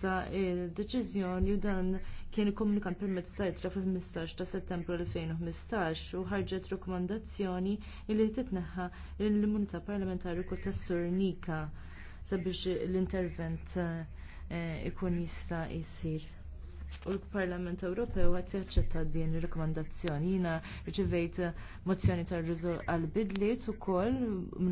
issa il-deċiżjoni u dan kien ikkomunikan permezz jitra fil-15 ta' settembru 2015 u ħarġet rekomandazzjoni li titneħħa l-immunità parlamentari kull ta' Sur Nika sabiex l-intervent eh, ikun jista' jsir. U l-Parlament Ewropew għat jaċċetta din il-rekomandazzjoni. Jina rċevejt mozzjoni tar rizol għal-bidliet u koll